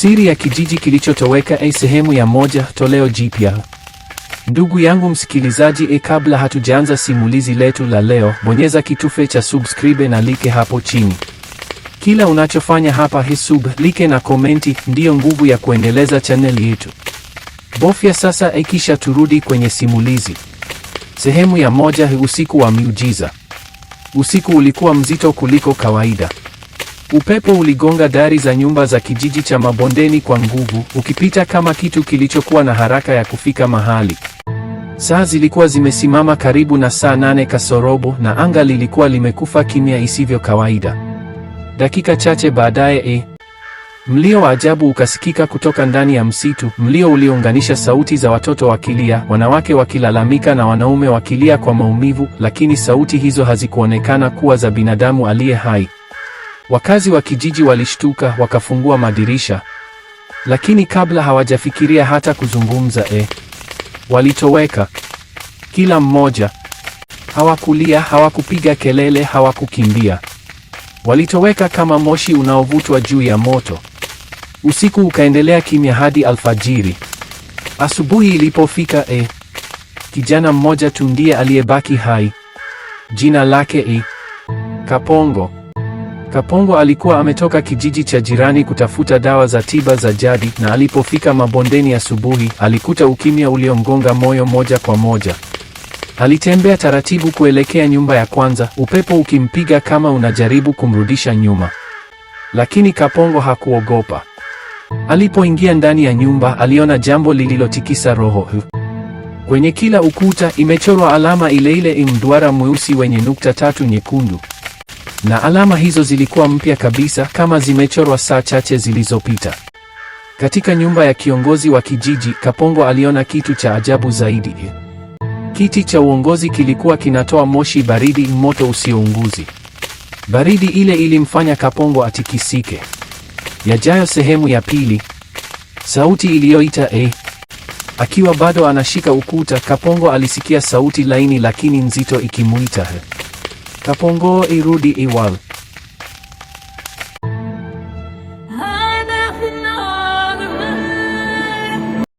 Siri ya kijiji kilichotoweka, a e sehemu ya moja, toleo jipya. Ndugu yangu msikilizaji, e, kabla hatujaanza simulizi letu la leo, bonyeza kitufe cha subscribe na like hapo chini. Kila unachofanya hapa hi sub, like na komenti ndiyo nguvu ya kuendeleza chaneli yetu. Bofya sasa, ikisha e turudi kwenye simulizi. Sehemu ya moja, usiku wa miujiza. Usiku ulikuwa mzito kuliko kawaida. Upepo uligonga dari za nyumba za kijiji cha Mabondeni kwa nguvu, ukipita kama kitu kilichokuwa na haraka ya kufika mahali. Saa zilikuwa zimesimama karibu na saa nane kasorobo na anga lilikuwa limekufa kimya isivyo kawaida. Dakika chache baadaye, e, mlio wa ajabu ukasikika kutoka ndani ya msitu, mlio uliounganisha sauti za watoto wakilia, wanawake wakilalamika na wanaume wakilia kwa maumivu, lakini sauti hizo hazikuonekana kuwa za binadamu aliye hai. Wakazi wa kijiji walishtuka, wakafungua madirisha, lakini kabla hawajafikiria hata kuzungumza e, walitoweka kila mmoja. Hawakulia, hawakupiga kelele, hawakukimbia. Walitoweka kama moshi unaovutwa juu ya moto. Usiku ukaendelea kimya hadi alfajiri. Asubuhi ilipofika, e, kijana mmoja tu ndiye aliyebaki hai, jina lake e, Kapongo. Kapongo alikuwa ametoka kijiji cha jirani kutafuta dawa za tiba za jadi, na alipofika mabondeni asubuhi, alikuta ukimya uliomgonga moyo moja kwa moja. Alitembea taratibu kuelekea nyumba ya kwanza, upepo ukimpiga kama unajaribu kumrudisha nyuma, lakini Kapongo hakuogopa. Alipoingia ndani ya nyumba, aliona jambo lililotikisa roho. Kwenye kila ukuta imechorwa alama ile ile, mduara mweusi wenye nukta tatu nyekundu na alama hizo zilikuwa mpya kabisa kama zimechorwa saa chache zilizopita. Katika nyumba ya kiongozi wa kijiji, Kapongo aliona kitu cha ajabu zaidi. Kiti cha uongozi kilikuwa kinatoa moshi baridi, moto usiounguzi. Baridi ile ilimfanya Kapongo atikisike. Yajayo sehemu ya pili. Sauti iliyoita e. Akiwa bado anashika ukuta, Kapongo alisikia sauti laini lakini nzito ikimuita he. Eh. Kapongo irudi iwal.